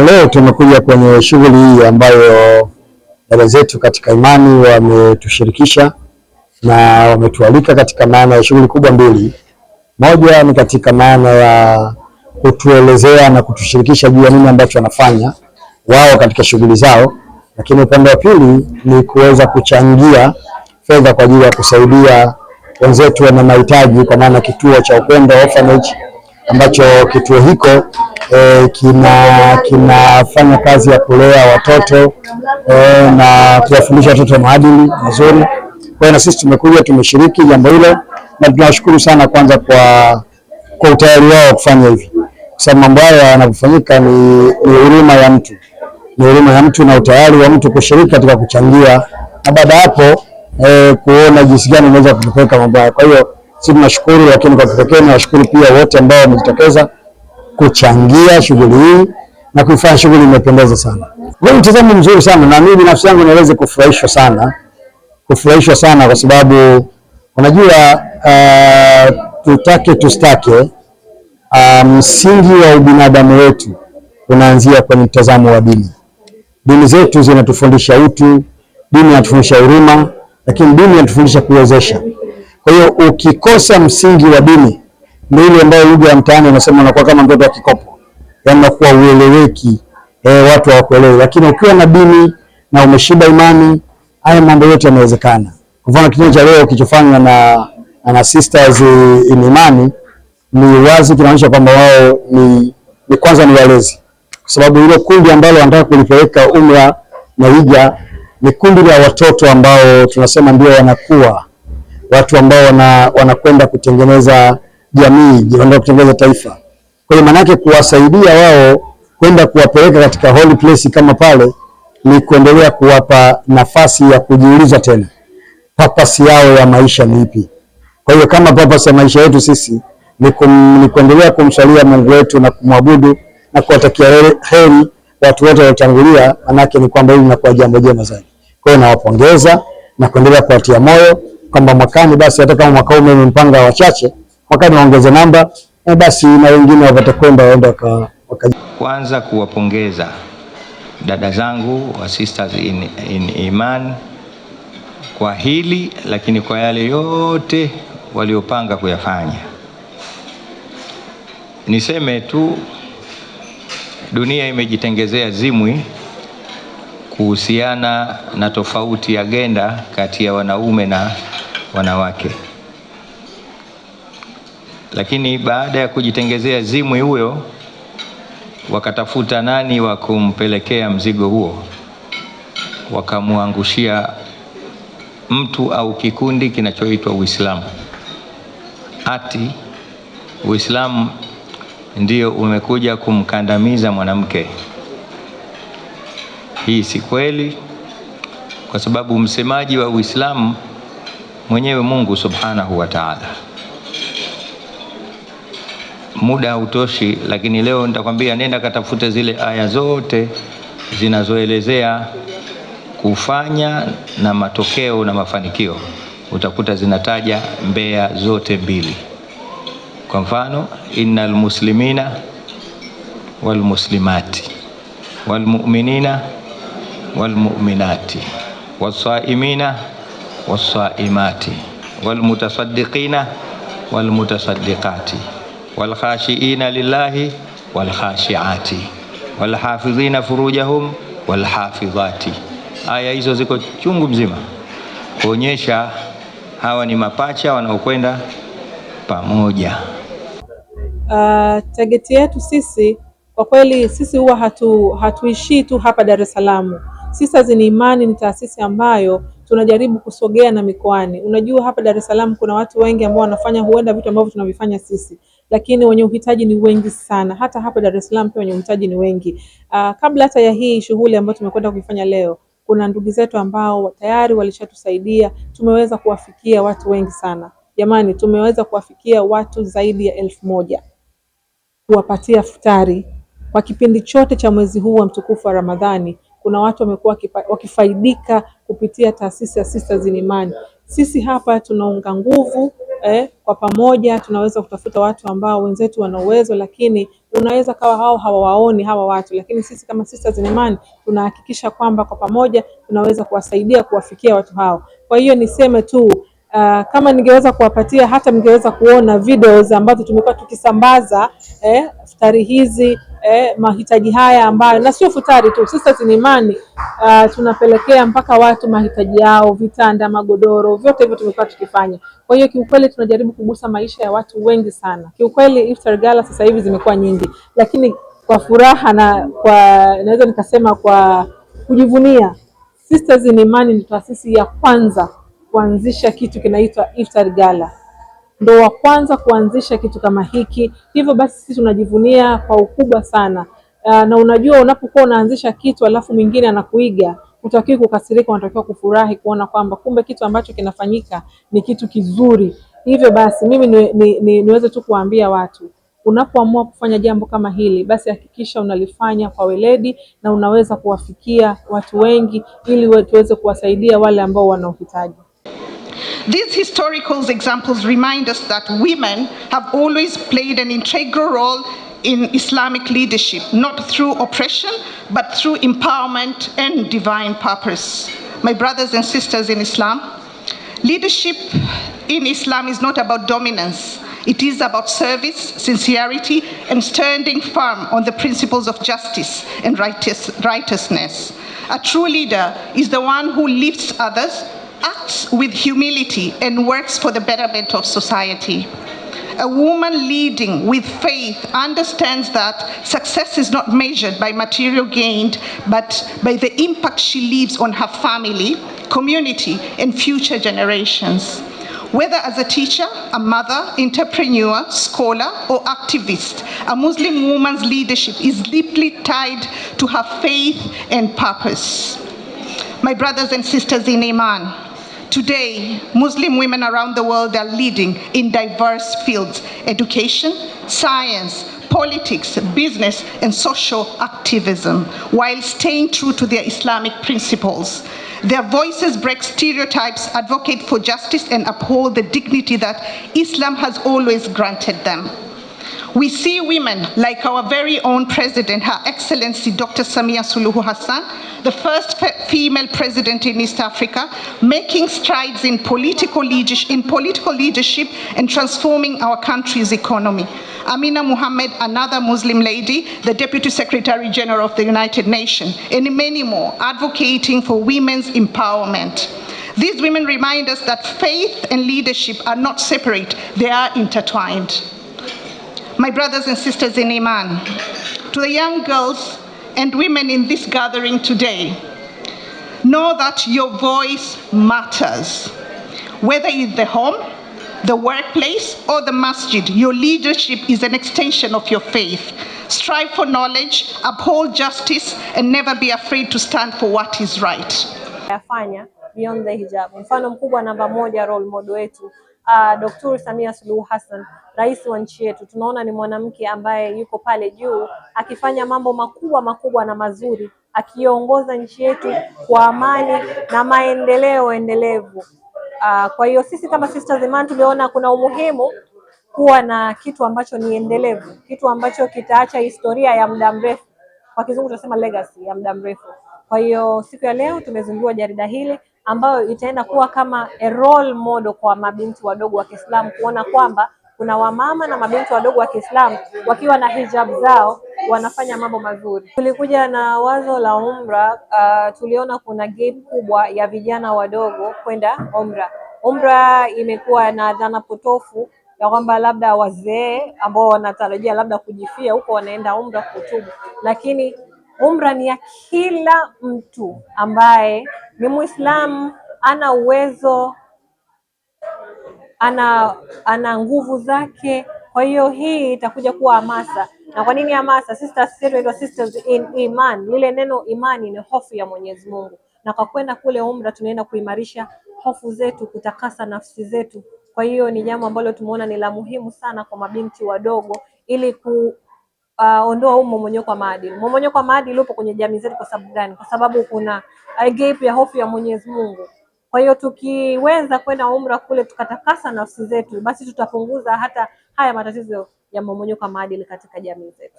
leo tumekuja kwenye shughuli hii ambayo dada zetu katika imani wametushirikisha na wametualika katika maana ya shughuli kubwa mbili. Moja ni katika maana ya kutuelezea na kutushirikisha juu ya nini ambacho wanafanya wao katika shughuli zao, lakini upande wa pili ni kuweza kuchangia fedha kwa ajili ya kusaidia wenzetu wenye mahitaji, kwa maana kituo cha Upendo Orphanage ambacho kituo hiko e, kina kinafanya kazi ya kulea watoto e, na kuwafundisha watoto maadili mazuri. Kwa hiyo na sisi tumekuja tumeshiriki jambo hilo, na tunawashukuru sana kwanza kwa, kwa utayari wao wa kufanya hivi, kwa sababu mambo haya yanapofanyika ni, ni huruma ya mtu ni huruma ya mtu na utayari wa mtu kushiriki katika kuchangia na baada hapo e, kuona jinsi gani unaweza kupeleka mambo haya. Kwa hiyo sisi tunashukuru, lakini kwa kipekee nawashukuru pia wote ambao wamejitokeza kuchangia shughuli hii na kuifanya shughuli imependeza sana. Ni mtazamo mzuri sana na mimi nafsi yangu niweze kufurahishwa sana, kufurahishwa sana kwa sababu unajua uh, tutake tustake, uh, msingi um, wa ubinadamu wetu unaanzia kwenye mtazamo wa dini. Dini zetu zinatufundisha utu, dini inatufundisha huruma, lakini dini inatufundisha kuwezesha. Kwa hiyo ukikosa msingi wa dini ndio ile ambayo lugha ya mtaani unasema unakuwa kama mtoto wa kikopo, yaani unakuwa ueleweki, eh, watu hawakuelewi. Lakini ukiwa na dini na umeshiba imani, haya mambo yote yanawezekana. Kwa mfano kituo cha leo kilichofanywa na na sisters in imani ni wazi kinaonyesha kwamba wao ni, ni kwanza ni walezi, kwa sababu hilo kundi ambalo wanataka kulipeleka umra na hija ni kundi la watoto ambao tunasema ndio wanakuwa watu ambao wana, wanakwenda kutengeneza jamii, jiondoa kutengeneza taifa. Kwa hiyo maanake kuwasaidia wao kwenda kuwapeleka katika holy place kama pale ni kuendelea kuwapa nafasi ya kujiuliza tena papasi yao ya maisha ni ipi. Kwa hiyo kama papasi ya maisha yetu sisi ni, kum, ni kuendelea kumsalia Mungu wetu na kumwabudu na kuwatakia heri watu wote waliotangulia, manake ni kwamba hili linakuwa jambo jema zaidi. Kwa hiyo nawapongeza na kuendelea kuwatia moyo kwamba mwakani basi, hata kama mwaka huu mimi mpanga wachache mwaka niwaongeze namba na basi, na wengine watakwenda waende waka, waka. Kwanza kuwapongeza dada zangu wa sisters in, in iman kwa hili lakini kwa yale yote waliopanga kuyafanya. Niseme tu dunia imejitengezea zimwi kuhusiana na tofauti ya genda kati ya wanaume na wanawake lakini baada ya kujitengezea zimwi huyo, wakatafuta nani wa kumpelekea mzigo huo, wakamwangushia mtu au kikundi kinachoitwa Uislamu. Ati Uislamu ndio umekuja kumkandamiza mwanamke. Hii si kweli, kwa sababu msemaji wa Uislamu mwenyewe Mungu Subhanahu wa Ta'ala muda hautoshi, lakini leo nitakwambia nenda katafute zile aya zote zinazoelezea kufanya na matokeo na mafanikio, utakuta zinataja Mbeya zote mbili. Kwa mfano, innal muslimina wal muslimati wal mu'minina wal mu'minati wasaimina wasaimati wal mutasaddiqina wal mutasaddiqati walkhashiina lillahi walkhashiati walhafidhina furujahum walhafidhati. Aya hizo ziko chungu mzima kuonyesha hawa ni mapacha wanaokwenda pamoja. Uh, ah, tageti yetu sisi kwa kweli sisi huwa hatu hatuishii tu hapa Dar es Salaam. Sisters in Imani ni taasisi ambayo tunajaribu kusogea na mikoani. Unajua hapa Dar es Salaam kuna watu wengi ambao wanafanya huenda vitu ambavyo tunavifanya sisi lakini wenye uhitaji ni wengi sana. Hata hapa Dar es Salaam pia wenye uhitaji ni wengi. Uh, kabla hata ya hii shughuli ambayo tumekwenda kuifanya leo, kuna ndugu zetu ambao tayari walishatusaidia, tumeweza kuwafikia watu wengi sana. Jamani, tumeweza kuwafikia watu zaidi ya elfu moja kuwapatia futari kwa kipindi chote cha mwezi huu wa mtukufu wa Ramadhani. Kuna watu wamekuwa wakifaidika kupitia taasisi ya Sisters in Imani. Sisi hapa tunaunga nguvu eh, kwa pamoja tunaweza kutafuta watu ambao wenzetu wana uwezo, lakini unaweza kawa hao hawawaoni hawa watu, lakini sisi kama Sisters in Imani tunahakikisha kwamba kwa pamoja tunaweza kuwasaidia kuwafikia watu hao. Kwa hiyo niseme tu Uh, kama ningeweza kuwapatia hata mngeweza kuona videos ambazo tumekuwa tukisambaza eh, futari hizi eh, mahitaji haya ambayo na sio futari tu, Sisters in Imani uh, ah, tunapelekea mpaka watu mahitaji yao, vitanda, magodoro, vyote hivyo tumekuwa tukifanya. Kwa hiyo kiukweli tunajaribu kugusa maisha ya watu wengi sana. Kiukweli iftar gala sasa hivi zimekuwa nyingi, lakini kwa furaha na kwa naweza nikasema kwa kujivunia, Sisters in Imani ni taasisi ya kwanza kuanzisha kitu kinaitwa Iftar Gala, ndo wa kwanza kuanzisha kitu kama hiki. Hivyo basi sisi tunajivunia kwa ukubwa sana. Uh, na unajua unapokuwa unaanzisha kitu alafu mwingine anakuiga utakiwa kukasirika, unatakiwa kufurahi kuona kwamba kumbe kitu ambacho kinafanyika ni kitu kizuri. Hivyo basi mimi ni, ni, ni, niweze tu kuwaambia watu unapoamua kufanya jambo kama hili basi hakikisha unalifanya kwa weledi na unaweza kuwafikia watu wengi ili tuweze kuwasaidia wale ambao wanaohitaji. These historical examples remind us that women have always played an integral role in Islamic leadership, not through oppression, but through empowerment and divine purpose. My brothers and sisters in Islam, leadership in Islam is not about dominance. It is about service, sincerity, and standing firm on the principles of justice and righteous, righteousness. A true leader is the one who lifts others, works with humility and works for the betterment of society. A woman leading with faith understands that success is not measured by material gained, but by the impact she leaves on her family, community, and future generations. Whether as a teacher, a mother, entrepreneur, scholar, or activist, a Muslim woman's leadership is deeply tied to her faith and purpose. My brothers and sisters in Iman, Today, Muslim women around the world are leading in diverse fields, education, science, politics, business, and social activism, while staying true to their Islamic principles. Their voices break stereotypes, advocate for justice, and uphold the dignity that Islam has always granted them. We see women like our very own president, Her Excellency Dr. Samia Suluhu Hassan, the first female president in East Africa, making strides in political, in political leadership and transforming our country's economy. Amina Muhammad, another Muslim lady, the Deputy Secretary General of the United Nations, and many more, advocating for women's empowerment. These women remind us that faith and leadership are not separate, they are intertwined my brothers and sisters in Iman, to the young girls and women in this gathering today, know that your voice matters. Whether in the home, the workplace, or the masjid, your leadership is an extension of your faith. Strive for knowledge, uphold justice, and never be afraid to stand for what is right. beyond the hijab. Mfano mkubwa namba moja role model wetu uh, ah, Dr. Samia Suluhu Hassan, rais wa nchi yetu. Tunaona ni mwanamke ambaye yuko pale juu akifanya mambo makubwa makubwa na mazuri, akiongoza nchi yetu kwa amani na maendeleo endelevu. Uh, kwa hiyo sisi kama Sisters in Man tuliona kuna umuhimu kuwa na kitu ambacho ni endelevu, kitu ambacho kitaacha historia ya muda mrefu. Kwa kizungu tunasema legacy ya muda mrefu. Kwa hiyo siku ya leo tumezindua jarida hili ambayo itaenda kuwa kama a role model kwa mabinti wadogo wa Kiislamu kuona kwamba kuna wamama na mabinti wadogo wa Kiislamu wakiwa na hijab zao wanafanya mambo mazuri. Tulikuja na wazo la umra. Uh, tuliona kuna gap kubwa ya vijana wadogo kwenda umra. Umra imekuwa na dhana potofu ya kwamba labda wazee ambao wanatarajia labda kujifia huko wanaenda umra kutubu, lakini Umra ni ya kila mtu ambaye ni Muislamu, ana uwezo, ana ana nguvu zake. Kwa hiyo hii itakuja kuwa hamasa. Na kwa nini hamasa? Sisters sisters in iman. Lile neno imani ni hofu ya Mwenyezi Mungu, na kwa kwenda kule umra tunaenda kuimarisha hofu zetu, kutakasa nafsi zetu. Kwa hiyo ni jambo ambalo tumeona ni la muhimu sana kwa mabinti wadogo ili ku uh, ondoa huu mmomonyoko wa maadili. Mmomonyoko wa maadili upo kwenye jamii zetu kwa sababu gani? Kwa sababu kuna uh, gap ya hofu ya Mwenyezi Mungu. Kwa hiyo tukiweza kwenda umra kule tukatakasa nafsi zetu, basi tutapunguza hata haya matatizo ya mmomonyoko wa maadili katika jamii zetu.